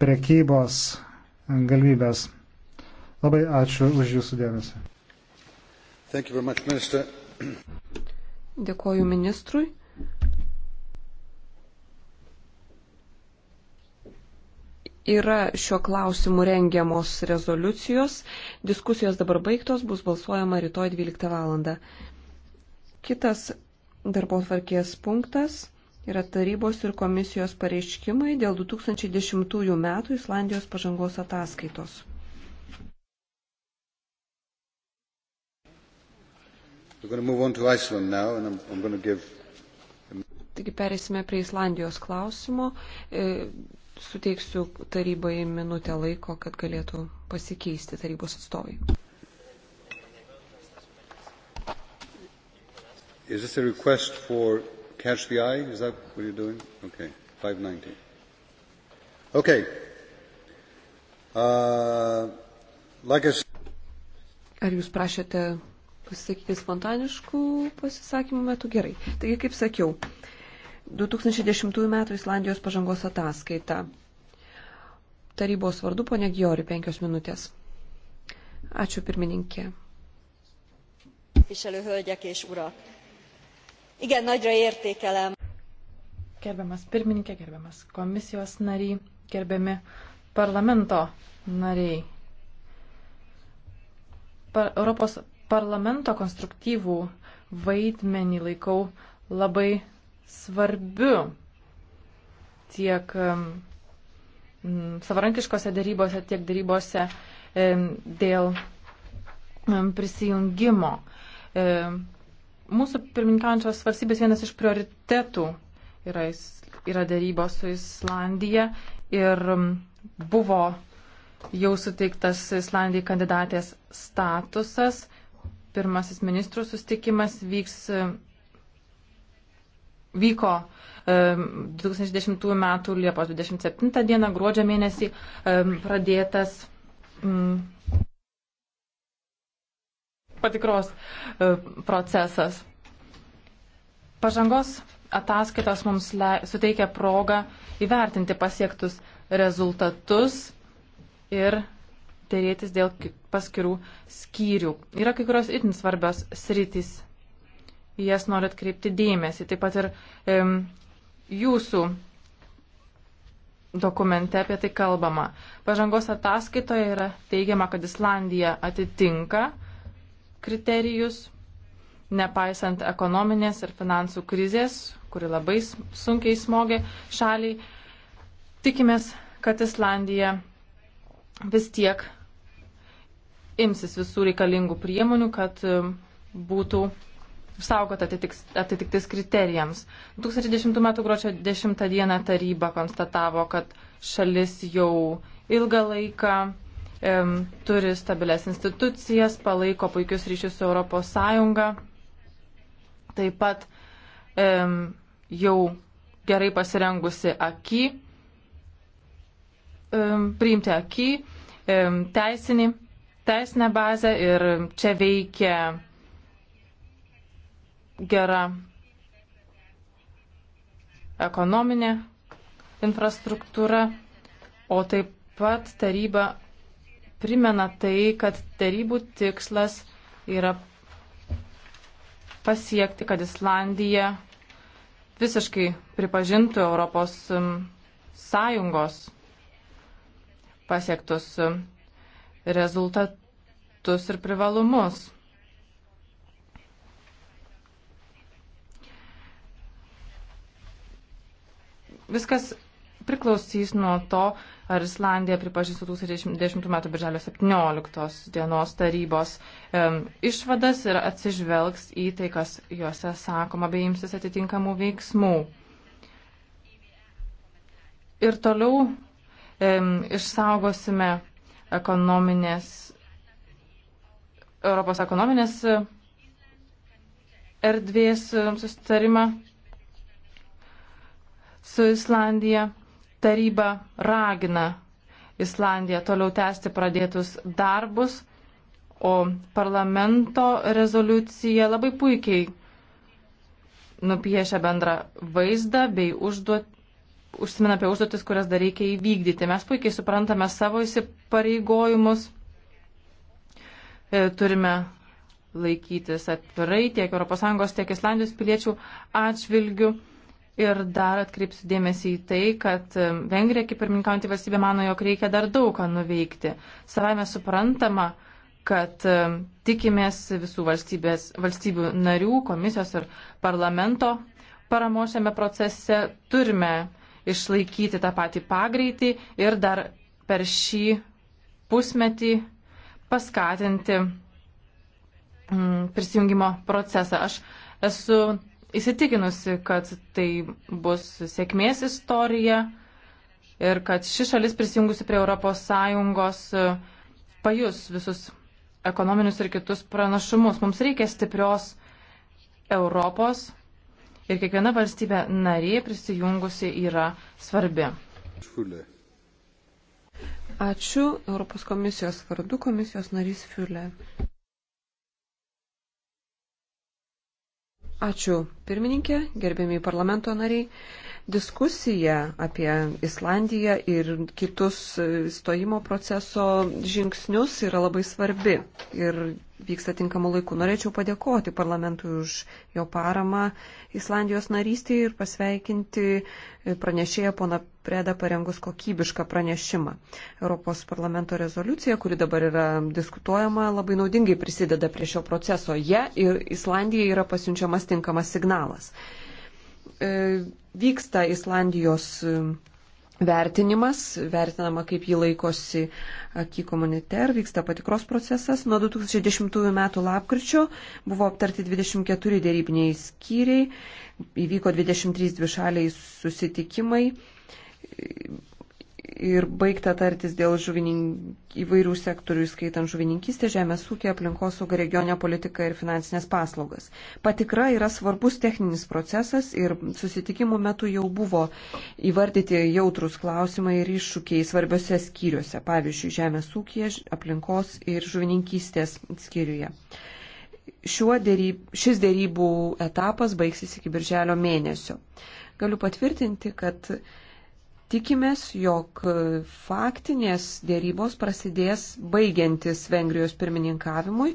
prekybos galimybės. Labai ačiū už Jūsų dėmesį. Much, minister. Dėkoju ministrui. Yra šiuo klausimu rengiamos rezoliucijos. Diskusijos dabar baigtos, bus balsuojama rytoj 12 val. Kitas darbo tvarkės punktas yra tarybos ir komisijos pareiškimai dėl 2010 metų Islandijos pažangos ataskaitos. Now, I'm, I'm give... Taigi perėsime prie Islandijos klausimo. E, suteiksiu tarybai minutę laiko, kad galėtų pasikeisti tarybos atstovai. Is this a request for catch the eye? Is that what you're doing? Okay. 590. Okay. Uh, like I... Ar jūs prašėte pasisakyti spontaniškų pasisakymų metu? Gerai. Taigi, kaip sakiau, 2010 m. Islandijos pažangos ataskaita. Tarybos vardu ponė Giori, penkios minutės. Ačiū pirmininkė. Viselő hölgyek és urak! Igen, nagyra értékelem. Gerbiamas pirmininkė, gerbiamas komisijos nariai, gerbiami parlamento nariai. Par Europos parlamento konstruktyvų vaidmenį laikau labai svarbiu tiek savarankiškose darybose, tiek darybose dėl prisijungimo. Mūsų pirmininkaujančios valstybės vienas iš prioritetų yra, yra dėrybos su Islandija ir buvo jau suteiktas Islandijai kandidatės statusas. Pirmasis ministrų sustikimas vyks, vyko e, 2010 m. Liepos 27 d. gruodžio mėnesį e, pradėtas m, patikros e, procesas. Pažangos ataskaitos mums le, suteikia progą įvertinti pasiektus rezultatus ir dėrėtis dėl paskirų skyrių. Yra kai kurios itin svarbios sritys. Jas norit kreipti dėmesį. Taip pat ir e, jūsų dokumente apie tai kalbama. Pažangos ataskaitoje yra teigiama, kad Islandija atitinka kriterijus nepaisant ekonominės ir finansų krizės, kuri labai sunkiai smogė šaliai. Tikimės, kad Islandija vis tiek imsis visų reikalingų priemonių, kad um, būtų saugot atitiks, atitiktis kriterijams. 2010 m. gruodžio 10 d. taryba konstatavo, kad šalis jau ilgą laiką e, turi stabilės institucijas, palaiko puikius ryšius su ES Taip pat e, jau gerai pasirengusi akį, e, priimti akį, e, teisinį, teisinę bazę ir čia veikia gera ekonominė infrastruktūra, o taip pat taryba primena tai, kad tarybų tikslas yra pasiekti, kad Islandija visiškai pripažintų Europos um, Sąjungos pasiektus um, rezultatus ir privalumus. Viskas priklausys nuo to, ar Islandija pripažįsta 2010 m. birželio 17 dienos tarybos e, išvadas ir atsižvelgs į tai, kas juose sakoma, bei imsis atitinkamų veiksmų. Ir toliau e, išsaugosime ekonominės, Europos ekonominės erdvės susitarimą su Islandija. Taryba ragina Islandiją toliau tęsti pradėtus darbus, o parlamento rezoliucija labai puikiai nupiešia bendrą vaizdą bei užduot, užsimena apie užduotis, kurias dar reikia įvykdyti. Mes puikiai suprantame savo įsipareigojimus, e, turime laikytis atvirai tiek ES, tiek Islandijos piliečių atžvilgių. Ir dar atkreipsiu dėmesį į tai, kad e, Vengrija, kaip pirmininkaujantį valstybę, mano, jog reikia dar daug ką nuveikti. Savame suprantama, kad e, tikimės visų valstybių narių, komisijos ir parlamento paramos šiame procese. Turime išlaikyti tą patį pagreitį ir dar per šį pusmetį paskatinti mm, prisijungimo procesą. Aš esu įsitikinusi, kad tai bus sėkmės istorija ir kad ši šalis prisijungusi prie ES e, pajus visus ekonominius ir kitus pranašumus. Mums reikia stiprios Europos ir kiekviena valstybė narė prisijungusi yra svarbi. Ačiū Europos komisijos vardu komisijos narys Fiulė. Ačiū pirmininkė, gerbėmiai parlamento nariai diskusiją apie Islandiją ir kitus e, stojimo proceso žingsnius yra labai svarbi ir vyksta tinkamu laiku. Norėčiau padėkoti parlamentui už jo paramą Islandijos narystį ir pasveikinti e, pranešėją pona Preda parengus kokybišką pranešimą. Europos parlamento rezoliucija, kuri dabar yra diskutuojama, labai naudingai prisideda prie šio proceso. Jie ja, ir Islandijai yra pasiunčiamas tinkamas signalas. E, vyksta Islandijos e, vertinimas, vertinama, kaip jį laikosi Aki komuniter, vyksta patikros procesas. Nuo 2010 m. lapkričio buvo aptarti 24 dėrybiniai skyriai, įvyko 23 dvišaliai susitikimai ir baigta tartis dėl žuvininkų įvairių sektorių, skaitant žuvininkystę, žemės ūkį, aplinkosaugą, regionę politiką ir finansinės paslaugas. Patikra yra svarbus techninis procesas ir susitikimų metu jau buvo įvardyti jautrus klausimai ir iššūkiai svarbiose skyriuose, pavyzdžiui, žemės ūkija, aplinkos ir žuvininkystės skyriuje. Dėryb, šis dėrybų etapas baigsis iki birželio mėnesio. Galiu patvirtinti, kad Tikimės, jog faktinės dėrybos prasidės baigiantis Vengrijos pirmininkavimui,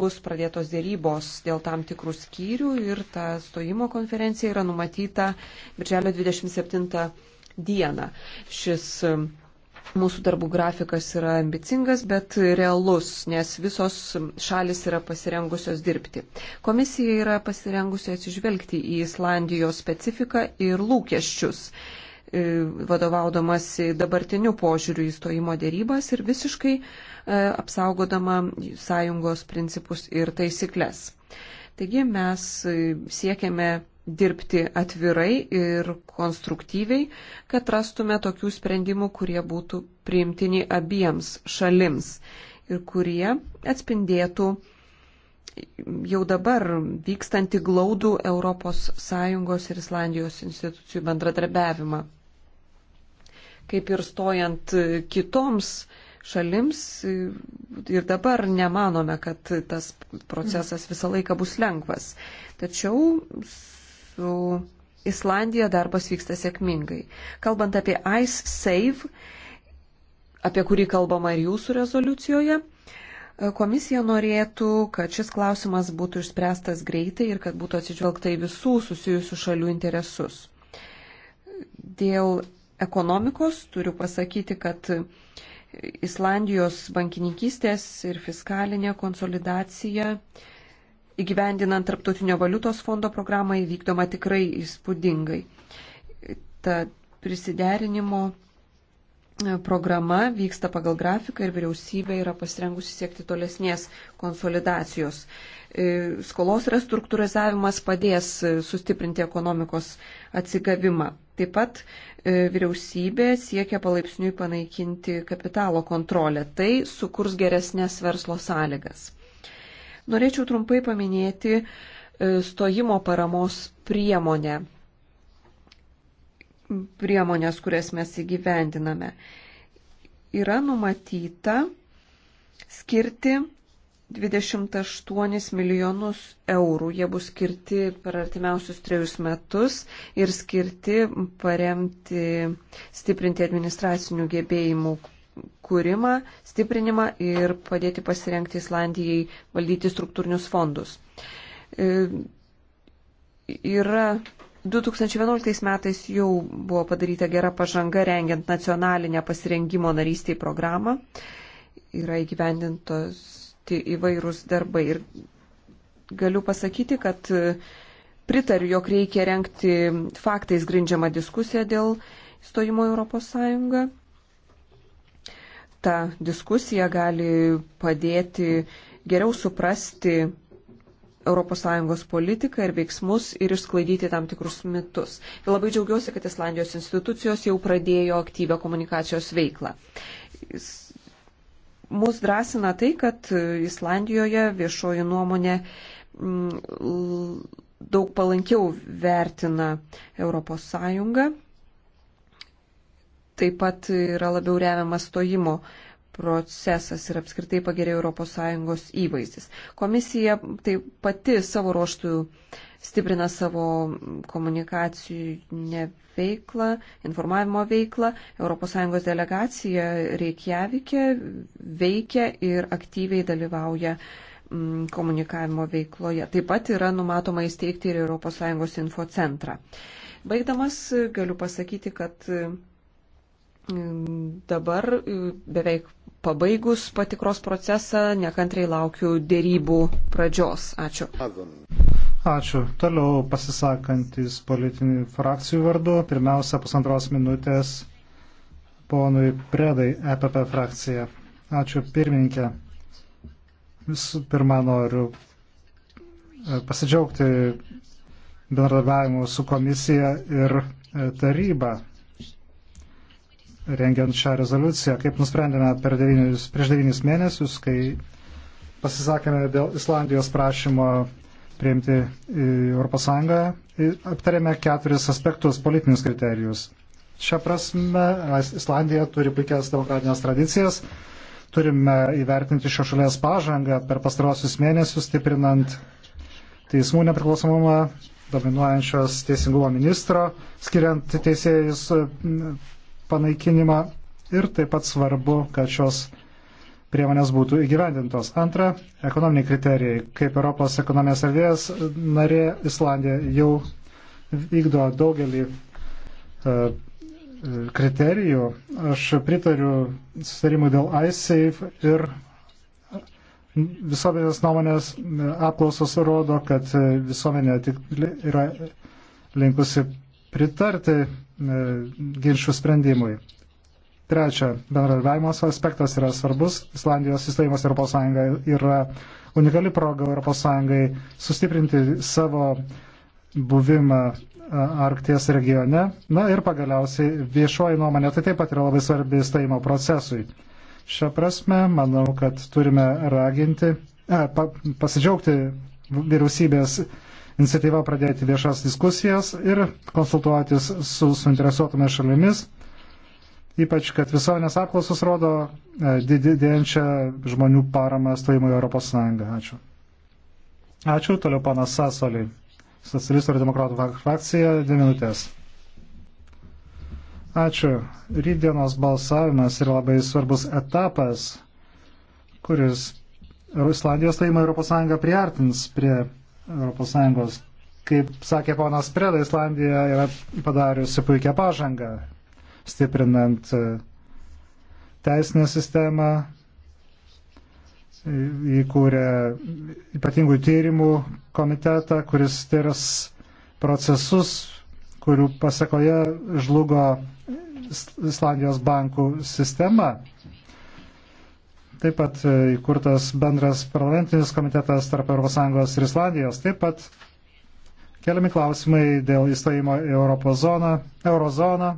bus pradėtos dėrybos dėl tam tikrų skyrių ir ta stojimo konferencija yra numatyta birželio 27 dieną. Šis um, mūsų darbų grafikas yra ambicingas, bet realus, nes visos šalis yra pasirengusios dirbti. Komisija yra pasirengusi atsižvelgti į Islandijos specifiką ir lūkesčius. E, vadovaudamasi dabartiniu požiūriu įstojimo dėrybas ir visiškai e, apsaugodama sąjungos principus ir taisyklės. Taigi mes e, siekiame dirbti atvirai ir konstruktyviai, kad rastume tokių sprendimų, kurie būtų priimtini abiems šalims ir kurie atspindėtų jau dabar vykstantį glaudų ES ir Islandijos institucijų bendradarbiavimą kaip ir stojant kitoms šalims ir dabar nemanome, kad tas procesas visą laiką bus lengvas. Tačiau su Islandija darbas vyksta sėkmingai. Kalbant apie Ice Save, apie kurį kalbama ir jūsų rezoliucijoje, Komisija norėtų, kad šis klausimas būtų išspręstas greitai ir kad būtų atsižvelgta į visų susijusių šalių interesus. Dėl ekonomikos, turiu pasakyti, kad Islandijos bankininkystės ir fiskalinė konsolidacija įgyvendinant Tarptautinio valiutos fondo programą įvykdoma tikrai įspūdingai. Ta prisiderinimo e, programa vyksta pagal grafiką ir vyriausybė yra pasirengusi siekti tolesnės konsolidacijos. E, skolos restruktūrizavimas padės e, sustiprinti ekonomikos atsigavimą. Taip pat e, vyriausybė siekia palaipsniui panaikinti kapitalo kontrolę. Tai sukurs geresnės verslo sąlygas. Norėčiau trumpai paminėti e, stojimo paramos priemonę. Priemonės, kurias mes įgyvendiname. Yra numatyta skirti 28 milijonus eurų. Jie bus skirti per artimiausius trejus metus ir skirti paremti, stiprinti administracinių gebėjimų kūrimą, stiprinimą ir padėti pasirenkti Islandijai valdyti struktūrinius fondus. E, yra 2011 metais jau buvo padaryta gera pažanga rengiant nacionalinę pasirengimo narystiai programą. Yra įgyvendintos atlikti įvairūs darbai. Ir galiu pasakyti, kad e, pritariu, jog reikia renkti faktais grindžiamą diskusiją dėl įstojimo Europos Sąjungą. Ta diskusija gali padėti geriau suprasti ES politiką ir veiksmus ir išsklaidyti tam tikrus mitus. Ir labai džiaugiuosi, kad Islandijos institucijos jau pradėjo aktyvę komunikacijos veiklą. Mūsų drąsina tai, kad Islandijoje viešoji nuomonė mm, daug palankiau vertina ES. Taip pat yra labiau remiamas stojimo procesas ir apskritai pagerėjo ES įvaizdis. Komisija tai pati savo ruoštų stiprina savo komunikacinę veiklą, informavimo veiklą. ES delegacija Reikjavikė veikia ir aktyviai dalyvauja mm, komunikavimo veikloje. Taip pat yra numatoma įsteigti ir ES infocentrą. Baigdamas galiu pasakyti, kad mm, dabar mm, beveik Pabaigus patikros procesą, nekantrai laukiu dėrybų pradžios. Ačiū. Ačiū. Toliau pasisakantis politinių frakcijų vardu. Pirmiausia, pusantros minutės ponui Predai, EPP frakcija. Ačiū pirmininkė. Visų pirma, noriu e, pasidžiaugti bendradarbiavimu su komisija ir e, taryba rengiant šią rezoliuciją, kaip nusprendėme per devynius, prieš devynis mėnesius, kai pasisakėme dėl Islandijos prašymo priimti Europos Sąjungą, aptarėme keturis aspektus politinius kriterijus. Šią prasme, Islandija turi puikias demokratinės tradicijas, turime įvertinti šios šalies pažangą per pastarosius mėnesius, stiprinant teismų nepriklausomumą, dominuojančios teisingumo ministro, skiriant teisėjus panaikinimą ir taip pat svarbu, kad šios priemonės būtų įgyvendintos. Antra, ekonominiai kriterijai. Kaip Europos ekonominės erdvės narė Islandija jau vykdo daugelį e, kriterijų. Aš pritariu susitarimui dėl iSafe ir visuomenės nuomonės e, apklausos rodo, kad e, visuomenė tik yra linkusi pritarti E, ginčių sprendimui. Trečia, bendradarbiavimas aspektas yra svarbus. Islandijos įstojimas Europos Sąjunga yra unikali proga Europos Sąjungai sustiprinti savo buvimą e, Arkties regione. Na ir pagaliausiai viešoji nuomonė tai taip pat yra labai svarbi įstojimo procesui. Šią prasme, manau, kad turime raginti, eh, pasidžiaugti vyriausybės iniciatyva pradėti viešas diskusijas ir konsultuotis su suinteresuotomis šalimis, ypač kad visuomenės apklausos rodo e, didėjančią žmonių paramą stojimui Europos Sąjungą. Ačiū. Ačiū, toliau panas Sasoliai. Socialistų ir demokratų frakcija, dvi minutės. Ačiū. Rydienos balsavimas yra labai svarbus etapas, kuris Islandijos stojimą Europos Sąjungą priartins prie ES. Kaip sakė ponas Preda, Islandija yra padariusi puikią pažangą, stiprinant e, teisinę sistemą, įkūrė ypatingų tyrimų komitetą, kuris tirs procesus, kurių pasakoje žlugo Islandijos bankų sistema. Taip pat e, įkurtas bendras parlamentinis komitetas tarp ES ir Islandijos. Taip pat keliami klausimai dėl įstojimo į Eurozoną, Eurozoną.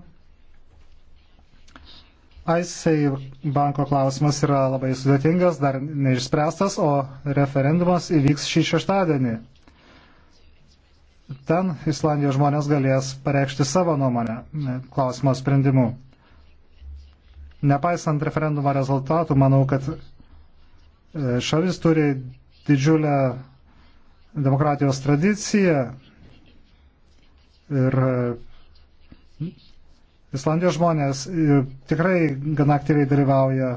ICEI banko klausimas yra labai sudėtingas, dar neišspręstas, o referendumas įvyks šį šeštadienį. Ten Islandijos žmonės galės pareikšti savo nuomonę e, klausimo sprendimu. Nepaisant referendumo rezultatų, manau, kad e, šalis turi didžiulę demokratijos tradiciją ir e, Islandijos žmonės e, tikrai gana aktyviai dalyvauja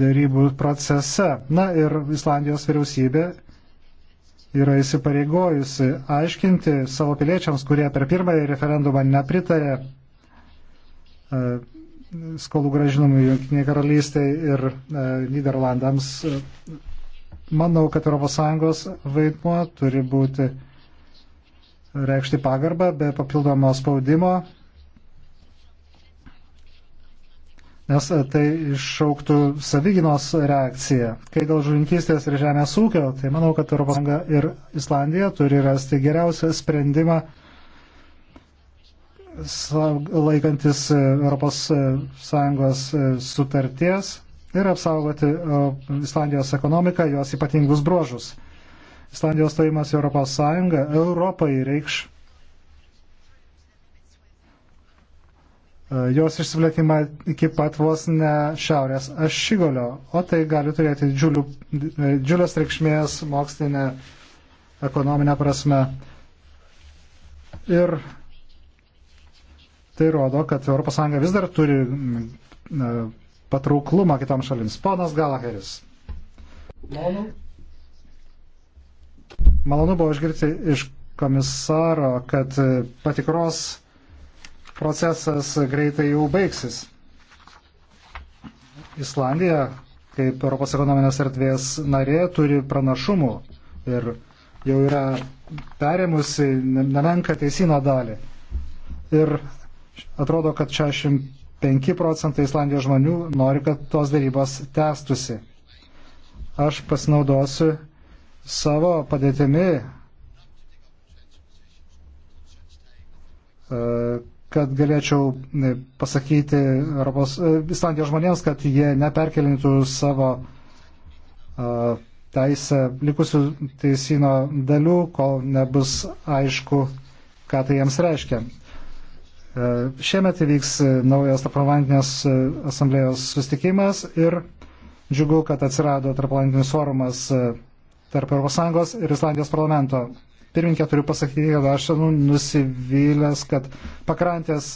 dėrybų procese. Na ir Islandijos vyriausybė yra įsipareigojusi aiškinti savo piliečiams, kurie per pirmąjį referendumą nepritarė E, skolų gražinimų Junktinėje karalystėje ir e, Niderlandams. Manau, kad ES vaidmuo turi būti reikšti pagarbą be papildomo spaudimo, nes tai iššauktų savyginos reakciją. Kai dėl žuvinkystės ir žemės ūkio, tai manau, kad ES ir Islandija turi rasti geriausią sprendimą laikantis ES e, e, sutarties ir apsaugoti Islandijos ekonomiką, jos ypatingus bruožus. Islandijos stojimas į ES Europai reikš e, jos išsiplėtimą iki pat vos ne šiaurės ašigolio, o tai gali turėti džiulių, džiulės reikšmės mokslinė ekonominė prasme. Ir Tai rodo, kad ES vis dar turi mm, e, patrauklumą kitoms šalims. Ponas Galaheris. Malonu buvo išgirti iš komisaro, kad patikros procesas greitai jau baigsis. Islandija, kaip Europos ekonominės erdvės narė, turi pranašumų ir jau yra perėmusi nemenka teisino dalį. Ir Atrodo, kad 65 procentai Islandijos žmonių nori, kad tos darybos tęstusi. Aš pasinaudosiu savo padėtimi, e, kad galėčiau e, pasakyti Europos, e, Islandijos žmonėms, kad jie neperkelintų savo teisę likusių teisino dalių, kol nebus aišku, ką tai jiems reiškia. E, šiemet įvyks e, naujas tarpatlantinės e, asamblėjos sustikimas ir džiugu, kad atsirado tarpatlantinis forumas tarp ES ir Islandijos parlamento. Pirminkė turiu pasakyti, kad aš nusivylęs, kad pakrantės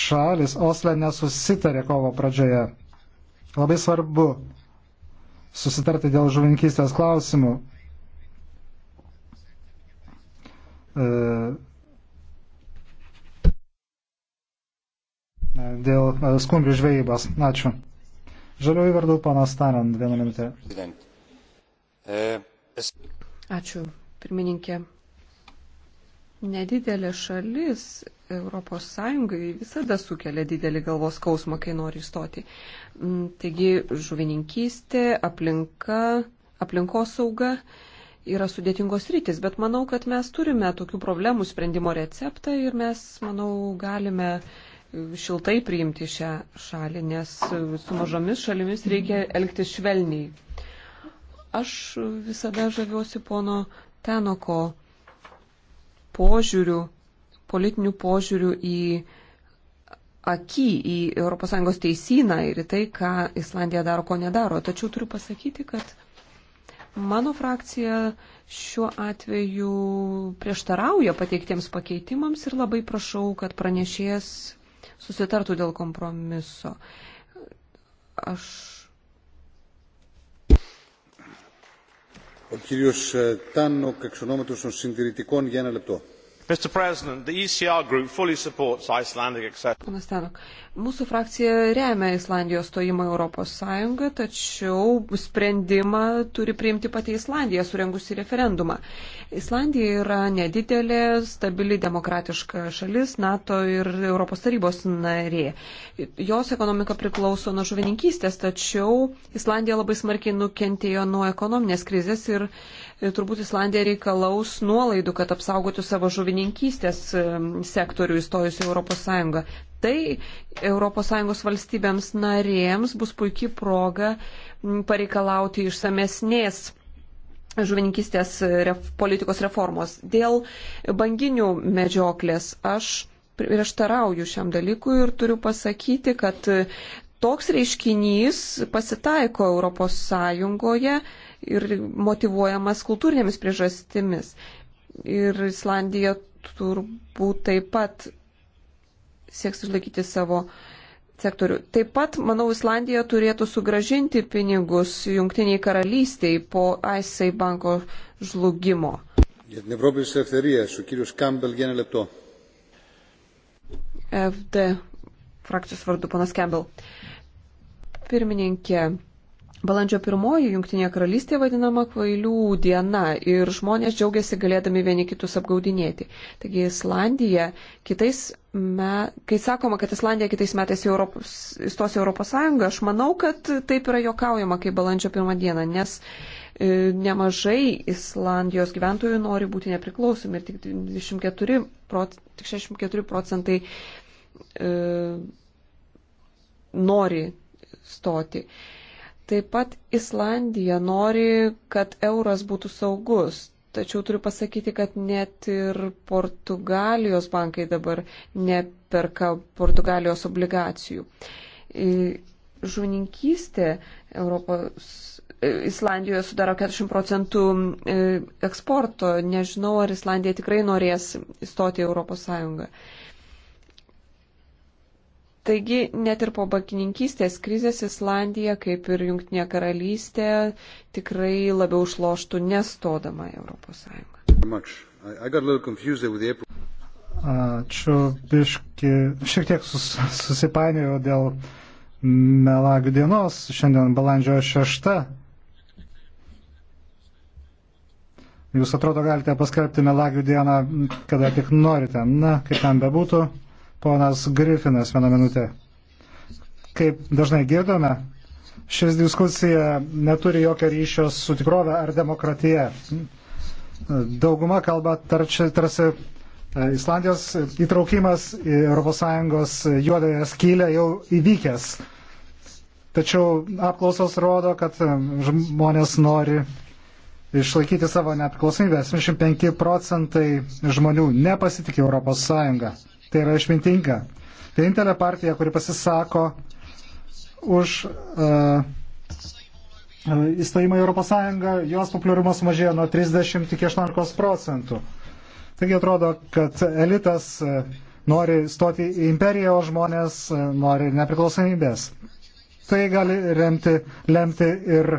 šalis Osle nesusitarė kovo pradžioje. Labai svarbu susitarti dėl žuvininkystės klausimų. E, dėl skumbrių žvejybos. Ačiū. Žaliųjų vardu panas Tarant, vieną minutę. E, Ačiū, pirmininkė. Nedidelė šalis ES visada sukelia didelį galvos skausmą, kai nori įstoti. Mm, taigi žuvininkystė, aplinka, aplinkos sauga yra sudėtingos rytis, bet manau, kad mes turime tokių problemų sprendimo receptą ir mes, manau, galime uh, šiltai priimti šią šalį, nes su mažomis šalimis reikia elgtis švelniai. Aš visada žaviuosi pono Tenoko požiūrių, politinių požiūrių į akį, į ES teisyną ir į tai, ką Islandija daro, ko nedaro. Tačiau turiu pasakyti, kad mano frakcija šiuo atveju prieštarauja pateiktiems pakeitimams ir labai prašau, kad pranešėjas susitartų dėl kompromiso. Aš. Ο κύριος Τάνοκ, εξ ονόματος των συντηρητικών, για ένα λεπτό mr president the ecr group fully supports icelandic accession. mūsų frakcija remia islandijos stojimą į europos sąjungą tačiau sprendimą turi priimti pati islandija surengusi referendumą. islandija yra nedidelė stabili demokratiška šalis nato ir europos tarybos narė. jos ekonomika priklauso nuo žuvininkystės tačiau islandija labai smarkiai nukentėjo nuo ekonominės krizės ir E, turbūt Islandija reikalaus nuolaidų, kad apsaugotų savo žuvininkystės e, sektorių įstojus į ES. Tai ES valstybėms narėms bus puikiai proga pareikalauti išsamesnės žuvininkystės e, ref, politikos reformos. Dėl banginių medžioklės aš prieštarauju šiam dalykui ir turiu pasakyti, kad toks reiškinys pasitaiko Europos Sąjungoje ir motivuojamas kultūrinėmis priežastimis. Ir Islandija turbūt taip pat sieks išlaikyti savo sektorių. Taip pat, manau, Islandija turėtų sugražinti pinigus Junktiniai karalystiai po ISA banko žlugimo. FD frakcijos vardu, panas Campbell. Pirmininkė, Balandžio pirmoji Junktinė karalystė vadinama kvailių diena ir žmonės džiaugiasi galėdami vieni kitus apgaudinėti. Taigi Islandija kitais, me, kai sakoma, kad Islandija kitais metais Europos, įstos Europos Sąjungą, aš manau, kad taip yra jokaujama kaip balandžio pirmą dieną, nes e, nemažai Islandijos gyventojų nori būti nepriklausomi ir tik, 24 proc, tik 64 procentai e, nori stoti. E, Taip pat Islandija nori, kad euras būtų saugus. Tačiau turiu pasakyti, kad net ir Portugalijos bankai dabar neperka Portugalijos obligacijų. Žuvininkystė Europos, e, Islandijoje sudaro 40 procentų e, eksporto. Nežinau, ar Islandija tikrai norės įstoti į Europos Sąjungą. Taigi net ir po bankininkystės krizės Islandija, kaip ir Junktinė karalystė, tikrai labiau užloštų nestodama Europos Sąjungą. Ačiū, biški, šiek tiek sus, susipainiojo dėl melagių dienos, šiandien balandžio 6. Jūs atrodo galite paskelbti melagių dieną, kada tik norite. Na, kaip ten bebūtų. Ponas Grifinas, vieną minutę. Kaip dažnai girdome, šis diskusija neturi jokio ryšio su tikrove ar demokratija. Dauguma kalba tarsi e, Islandijos įtraukimas į ES juodąją skylę jau įvykęs. Tačiau apklausos rodo, kad e, žmonės nori išlaikyti savo nepriklausomybę. 75 procentai žmonių nepasitikė ES tai yra išmintinga. Vienintelė partija, kuri pasisako už uh, įstojimą į Europos Sąjungą, jos populiarumas mažėjo nuo 30 iki 18 procentų. Taigi atrodo, kad elitas e, nori stoti į imperiją, o žmonės nori nepriklausomybės. Tai gali remti, lemti ir e,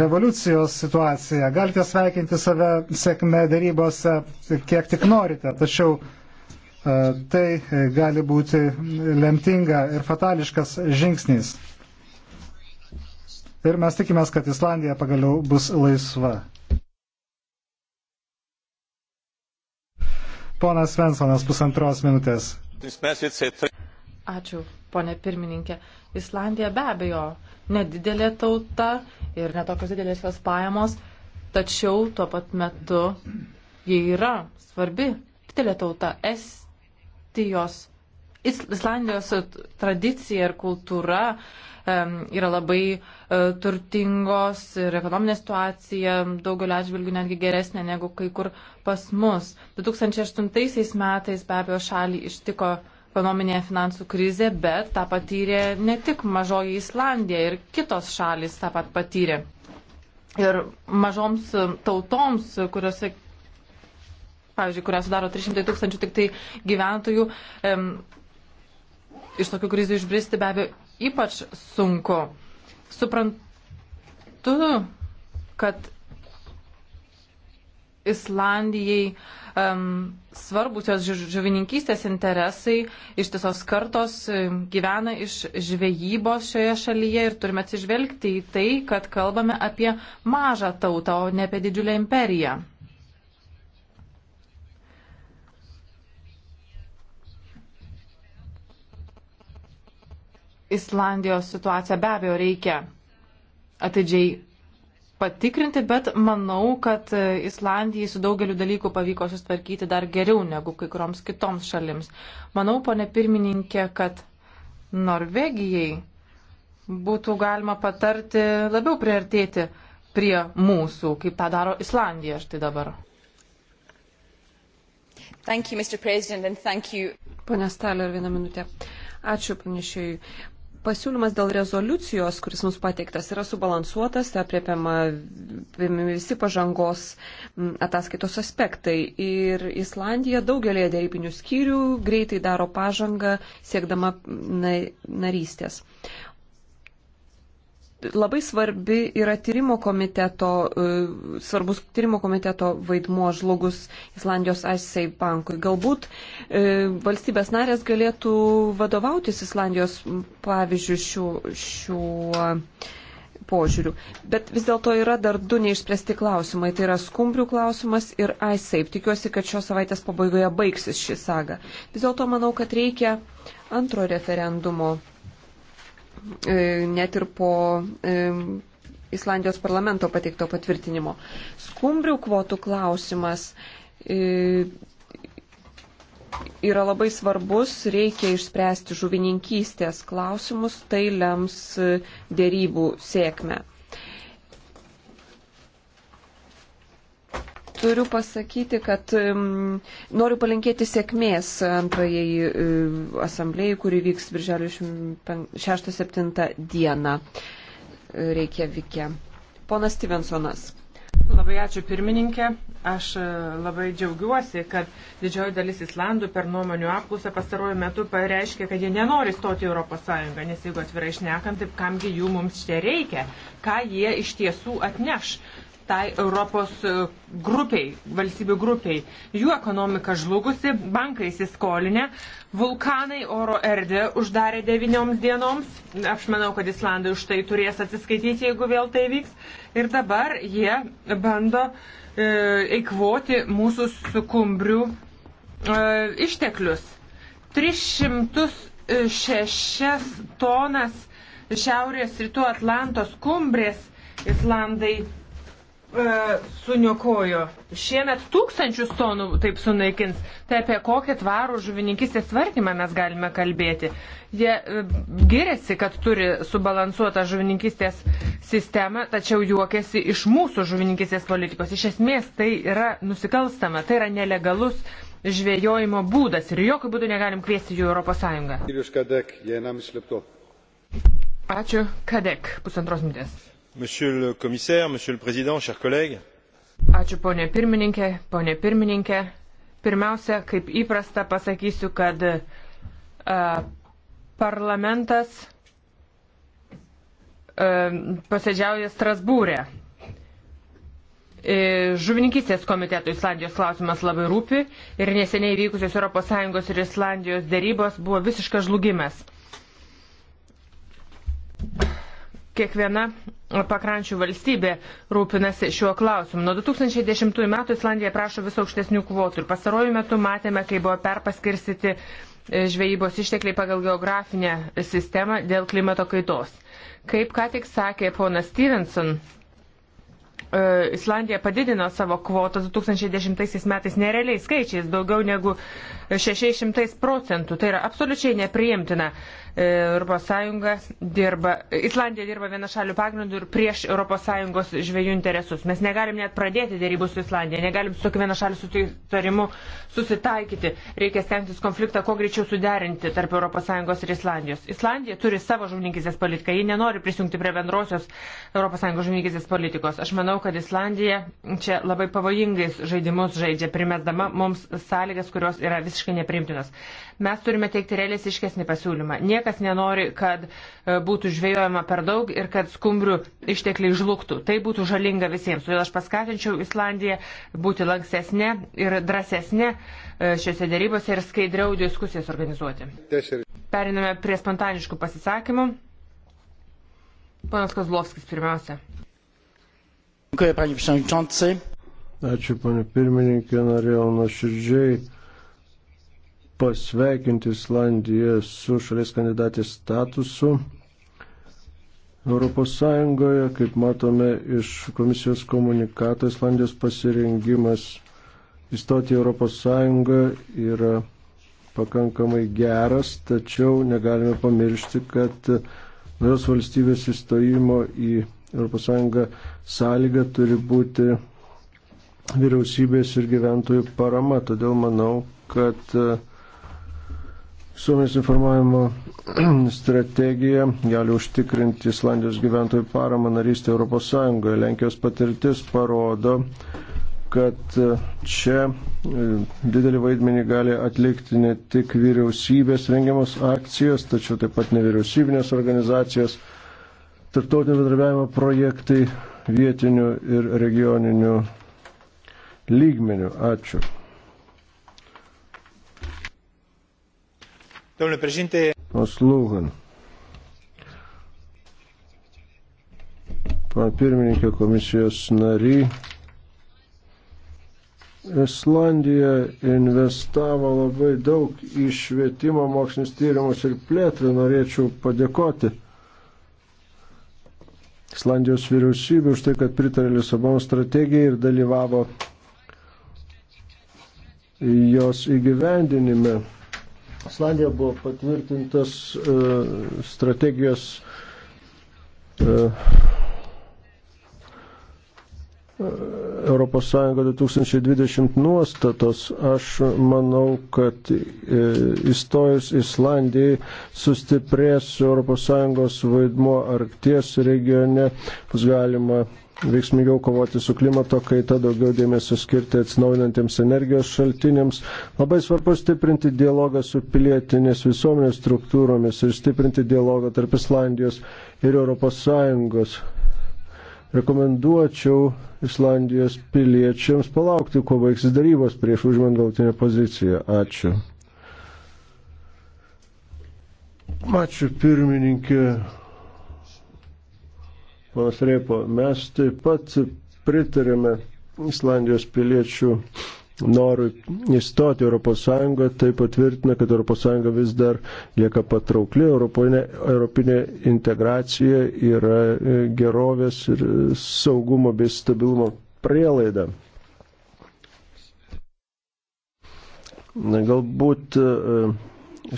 revoliucijos situaciją. Galite sveikinti save sėkme darybose kiek tik norite, tačiau E, tai gali būti lemtinga ir fatališkas žingsnis. Ir mes tikimės, kad Islandija pagaliau bus laisva. Ponas Svensonas, pusantros minutės. Ačiū, ponė pirmininkė. Islandija be abejo nedidelė tauta ir netokios didelės jos pajamos, tačiau tuo pat metu jie yra svarbi didelė tauta. Es, Estijos, Islandijos tradicija ir kultūra yra labai e, turtingos ir ekonominė situacija daugeliu atžvilgių netgi geresnė negu kai kur pas mus. 2008 metais be abejo šalį ištiko ekonominė finansų krizė, bet tą patyrė ne tik mažoji Islandija ir kitos šalis tą pat patyrė. Ir mažoms tautoms, kuriuose pavyzdžiui, kurią sudaro 300 tūkstančių tik tai gyventojų, em, iš tokių krizių išbristi be abejo ypač sunku. Suprantu, kad Islandijai um, svarbus jos žuvininkystės interesai, ištisos kartos gyvena iš žvejybos šioje šalyje ir turime atsižvelgti į tai, kad kalbame apie mažą tautą, o ne apie didžiulę imperiją. Islandijos situaciją be abejo reikia atidžiai patikrinti, bet manau, kad e, Islandijai su daugeliu dalykų pavyko susitvarkyti dar geriau negu kai kurioms kitoms šalims. Manau, ponė pirmininkė, kad Norvegijai būtų galima patarti labiau priartėti prie mūsų, kaip tą daro Islandija štai dabar. Thank you, Mr. President, and thank you. Pone Staler, vieną minutę. Ačiū pranešėjui pasiūlymas dėl rezoliucijos, kuris mums pateiktas, yra subalansuotas, apriepiama visi pažangos ataskaitos aspektai. Ir Islandija daugelėje dėrybinių skyrių greitai daro pažangą siekdama narystės. Labai svarbi yra tyrimo komiteto, e, svarbus tyrimo komiteto vaidmuo žlugus Islandijos ISAI bankui. Galbūt e, valstybės narės galėtų vadovautis Islandijos pavyzdžių šių, šiuo e, požiūriu. Bet vis dėlto yra dar du neišspręsti klausimai. Tai yra skumbrių klausimas ir ISAIP. Tikiuosi, kad šios savaitės pabaigoje baigsis ši saga. Vis dėlto manau, kad reikia antro referendumo E, net ir po e, Islandijos parlamento pateikto patvirtinimo. Skumbrių kvotų klausimas e, yra labai svarbus, reikia išspręsti žuvininkystės klausimus, tai lems dėrybų sėkmę. turiu pasakyti, kad um, noriu palinkėti sėkmės antrajai um, asamblėjai, kuri vyks birželio 6-7 dieną reikia vykė. Ponas Stevensonas. Labai ačiū pirmininkė. Aš e, labai džiaugiuosi, kad didžioji dalis Islandų per nuomonių apklausą pastaruoju metu pareiškė, kad jie nenori stoti į Europos Sąjungą, nes jeigu atvirai išnekant, tai kamgi jų mums čia reikia, ką jie iš tiesų atneš tai Europos e, grupiai, valstybių grupiai. Jų ekonomika žlugusi, bankai įsiskolinę, vulkanai oro erdvę uždarė devinioms dienoms. Aš manau, kad Islandai už tai turės atsiskaityti, jeigu vėl tai vyks. Ir dabar jie bando e, eikvoti mūsų skumbrių e, išteklius. 306 e, tonas Šiaurės rytų Atlantos kumbrės Islandai E, suniokojo. Šiemet tūkstančius tonų taip sunaikins. Tai apie kokį tvarų žuvininkistės tvarkymą mes galime kalbėti. Jie e, giriasi, kad turi subalansuotą žuvininkistės sistemą, tačiau juokiasi iš mūsų žuvininkistės politikos. Iš esmės tai yra nusikalstama, tai yra nelegalus žvėjojimo būdas ir jokių būdų negalim kviesti jų Europos Sąjungą. Ačiū. Kadek, pusantros minutės monsieur le commissaire monsieur le président chers collègues ačiū pone pirmininke pone pirmininke pirmiausia kaip įprasta pasakysiu kad a, e, parlamentas a, e, posėdžiauja strasbūre e, Žuvininkystės komiteto Islandijos klausimas labai rūpi ir neseniai vykusios ES ir Islandijos dėrybos buvo visiškas žlugimas. Kiekviena pakrančių valstybė rūpinasi šiuo klausimu. Nuo 2010 metų Islandija prašo vis aukštesnių kvotų ir pasarojų metu matėme, kai buvo perpaskirstyti e, žvejybos ištekliai pagal geografinę sistemą dėl klimato kaitos. Kaip ką tik sakė ponas Stevenson, e, Islandija padidino savo kvotą 2010 metais nerealiais skaičiais, daugiau negu 600 procentų. Tai yra absoliučiai nepriimtina. ES dirba, Islandija dirba vienašalių pagrindų ir prieš ES žvėjų interesus. Mes negalim net pradėti dėrybų su Islandija, negalim su tokiu vienašaliu sutarimu susitaikyti. Reikia stengtis konfliktą kuo greičiau suderinti tarp ES ir Islandijos. Islandija turi savo žuvininkizės politiką, ji nenori prisijungti prie bendrosios ES žuvininkizės politikos. Aš manau, kad Islandija čia labai pavojingais žaidimus žaidžia, primesdama mums sąlygas, kurios yra visiškai neprimtinos. Mes turime teikti realistiškesnį pasiūlymą. Niekas niekas nenori, kad e, būtų žvėjojama per daug ir kad skumbrių ištekliai žlugtų. Tai būtų žalinga visiems. Todėl aš paskatinčiau Islandiją būti lankstesnė ir drąsesnė e, šiuose dėrybose ir skaidriau diskusijas organizuoti. Periname prie spontaniškų pasisakymų. Panas Kozlovskis pirmiausia. Ačiū, panie pirmininkė, norėjau nuoširdžiai pasveikinti Islandiją su šalies kandidatės statusu. Europos Sąjungoje, kaip matome iš komisijos komunikato, Islandijos pasirengimas įstoti į Europos Sąjungą yra pakankamai geras, tačiau negalime pamiršti, kad naujos valstybės įstojimo į Europos Sąjungą sąlyga turi būti vyriausybės ir gyventojų parama. Todėl manau, kad uh, Suomijos informavimo strategija gali užtikrinti Islandijos gyventojų paramą narystę Europos Sąjungoje. Lenkijos patirtis parodo, kad e, čia e, didelį vaidmenį gali atlikti ne tik vyriausybės rengiamos akcijos, tačiau taip pat nevyriausybinės organizacijos, tarptautinio bendravimo projektai vietinių ir regioninių lygmenių. Ačiū. Domnule președinte. Paslūgan. Pana pirmininkė komisijos nary. Islandija investavo labai daug į švietimo, mokslinis tyrimus ir plėtrą. Norėčiau padėkoti Islandijos vyriausybė už tai, kad pritarė Lisabono strategijai ir dalyvavo jos įgyvendinime. Islandija buvo patvirtintas e, strategijos e, Europos Sąjunga 2020 nuostatos, aš manau, kad e, įstojus Islandijai sustiprės Europos Sąjungos vaidmo Arkties regione, bus galima veiksmingiau kovoti su klimato kaita, daugiau dėmesio skirti atsinaujinantiems energijos šaltiniams. Labai svarbu stiprinti dialogą su pilietinės visuomenės struktūromis ir stiprinti dialogą tarp Islandijos ir ES. Rekomenduočiau Islandijos piliečiams palaukti, kuo baigsis darybos prieš užimant galtinę poziciją. Ačiū. Ačiū pirmininkė. Manas Reipo, mes taip pat pritarėme Islandijos piliečių norui įstoti Europos Sąjungą, tai patvirtina, kad Europos Sąjunga vis dar lieka patraukli, Europinė, Europinė integracija yra e, gerovės ir saugumo bei stabilumo prielaida. Galbūt e,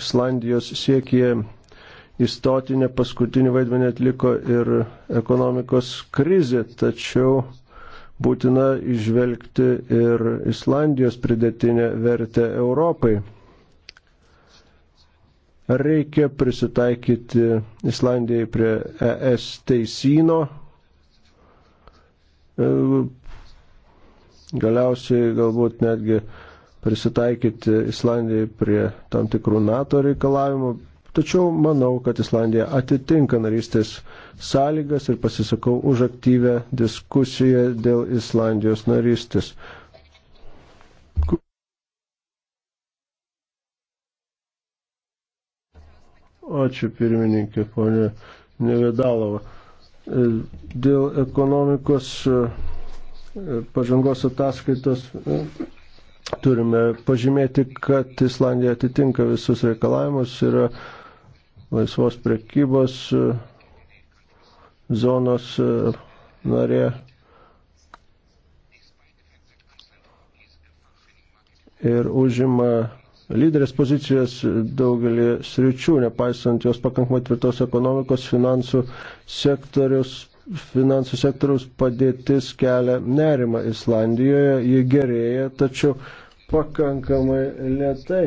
Islandijos siekia įstoti ne paskutinį vaidmenį atliko ir ekonomikos krizė, tačiau būtina išvelgti ir Islandijos pridėtinę vertę Europai. Reikia prisitaikyti Islandijai prie ES teisino. E, galiausiai galbūt netgi prisitaikyti Islandijai prie tam tikrų NATO reikalavimų, Tačiau manau, kad Islandija atitinka narystės sąlygas ir pasisakau už aktyvę diskusiją dėl Islandijos narystės. Ačiū pirmininkė, ponė Nevedalova. Dėl ekonomikos e, pažangos ataskaitos e, turime pažymėti, kad Islandija atitinka visus reikalavimus, yra laisvos prekybos e, zonos e, narė. Ir užima lyderės pozicijas daugelį sričių, nepaisant jos pakankamai tvirtos ekonomikos, finansų sektorius, finansų sektoriaus padėtis kelia nerimą Islandijoje, ji gerėja, tačiau pakankamai lietai.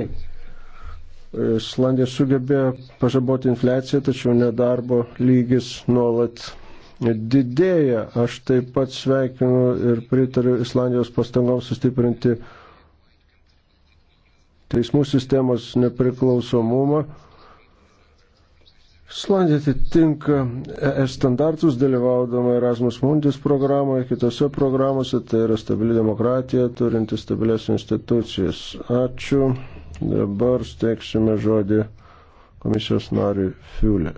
Islandija sugebėjo pažaboti infliaciją, tačiau nedarbo lygis nuolat didėja. Aš taip pat sveikinu ir pritariu Islandijos pastangoms sustiprinti teismų sistemos nepriklausomumą. Islandija atitinka ES standartus, dalyvaudama Erasmus Mundis programoje, kitose programose, tai yra stabili demokratija, turinti stabilias institucijas. Ačiū. Dabar steiksime žodį komisijos nariui Fiulė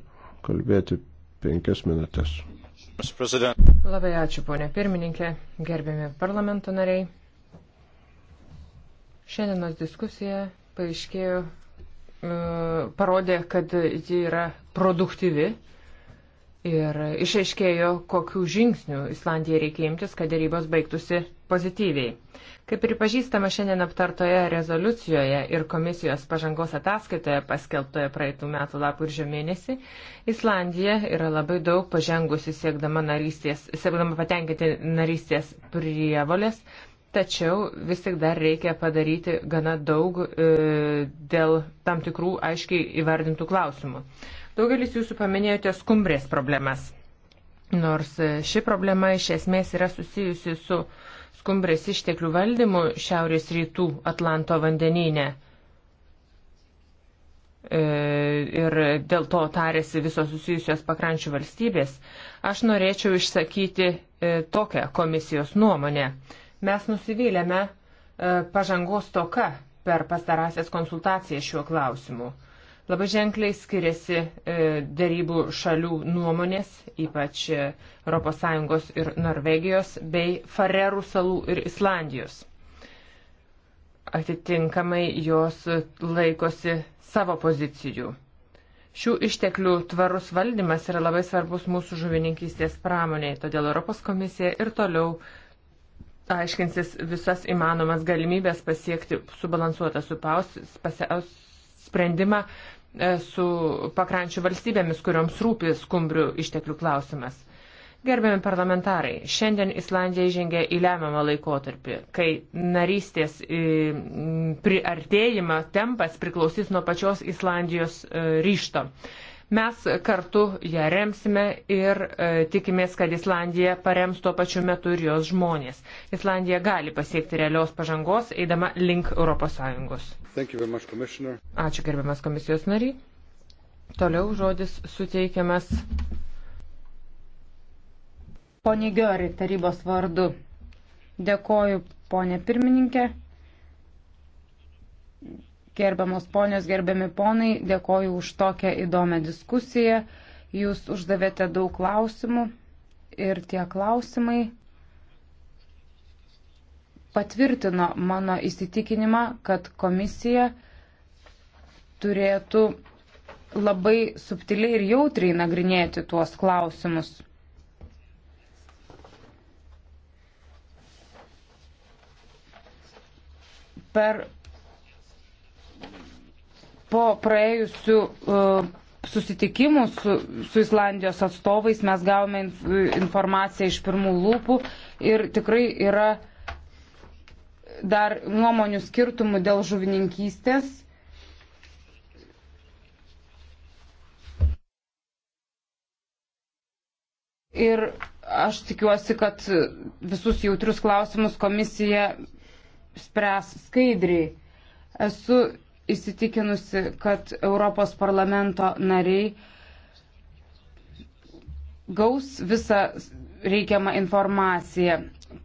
kalbėti penkias minutės. Labai ačiū, ponė pirmininkė, gerbiami parlamento nariai. Šiandienos diskusija paaiškėjo, e, parodė, kad ji yra produktyvi Ir išaiškėjo, kokių žingsnių Islandija reikia imtis, kad dėrybos baigtųsi pozityviai. Kaip pripažįstama šiandien aptartoje rezoliucijoje ir komisijos pažangos ataskaitoje paskelbtoje praeitų metų lapkričio mėnesį, Islandija yra labai daug pažengusi siekdama, narystės, siekdama patenkinti narystės prievolės, tačiau vis tik dar reikia padaryti gana daug e, dėl tam tikrų aiškiai įvardintų klausimų. Daugelis jūsų paminėjote skumbrės problemas. Nors e, ši problema iš esmės yra susijusi su skumbrės išteklių valdymu Šiaurės rytų Atlanto vandenyne. E, ir dėl to tarėsi visos susijusios pakrančių valstybės. Aš norėčiau išsakyti e, tokią komisijos nuomonę. Mes nusivylėme pažangos toka per pastarąsias konsultacijas šiuo klausimu. Labai ženkliai skiriasi e, dėrybų šalių nuomonės, ypač ES ir Norvegijos, bei Farerų salų ir Islandijos. Atitinkamai jos laikosi savo pozicijų. Šių išteklių tvarus valdymas yra labai svarbus mūsų žuvininkystės pramoniai, todėl Europos komisija ir toliau aiškinsis visas įmanomas galimybės pasiekti subalansuotą supaus, pasiaus sprendimą, E, su pakrančių valstybėmis, kurioms rūpi skumbrių išteklių klausimas. Gerbiami parlamentarai, šiandien Islandija įžengė į lemiamą laikotarpį, kai narystės e, priartėjimo tempas priklausys nuo pačios Islandijos e, ryšto. Mes kartu ją remsime ir e, tikimės, kad Islandija parems tuo pačiu metu ir jos žmonės. Islandija gali pasiekti realios pažangos, eidama link ES. Ačiū gerbiamas komisijos nariai. Toliau žodis suteikiamas. Pone Giori, tarybos vardu. Dėkoju, ponė pirmininkė. Gerbiamos ponios, gerbiami ponai, dėkoju už tokią įdomią diskusiją. Jūs uždavėte daug klausimų ir tie klausimai patvirtino mano įsitikinimą, kad komisija turėtų labai subtiliai ir jautriai nagrinėti tuos klausimus. Per po praėjusių e, susitikimų su, su Islandijos atstovais mes gavome informaciją iš pirmų lūpų ir tikrai yra dar nuomonių skirtumų dėl žuvininkystės. Ir aš tikiuosi, kad visus jautrius klausimus komisija spręs skaidriai. Esu įsitikinusi, kad Europos parlamento nariai gaus visą reikiamą informaciją.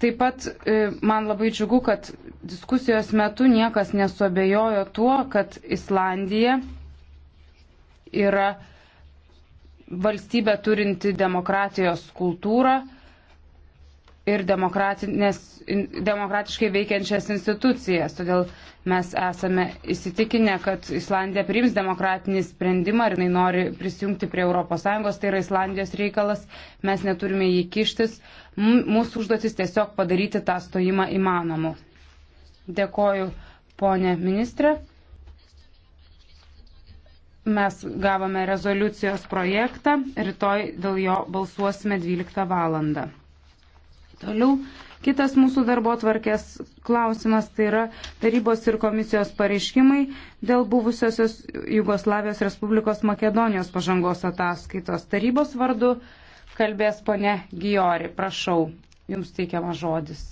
Taip pat e, man labai džiugu, kad diskusijos metu niekas nesuabejojo tuo, kad Islandija yra valstybė turinti demokratijos kultūrą ir demokratiškai veikiančias institucijas. Todėl mes esame įsitikinę, kad Islandija priims demokratinį sprendimą ir jinai nori prisijungti prie ES, tai yra Islandijos reikalas, mes neturime jį kištis. Mūsų užduotis tiesiog padaryti tą stojimą įmanomu. Dėkoju, ponė ministrė. Mes gavome rezoliucijos projektą, rytoj dėl jo balsuosime 12 valandą. Toliau kitas mūsų darbo tvarkės klausimas tai yra tarybos ir komisijos pareiškimai dėl buvusiosios Jugoslavijos Respublikos Makedonijos pažangos ataskaitos. Tarybos vardu kalbės pone Giori, prašau, jums teikiamas žodis.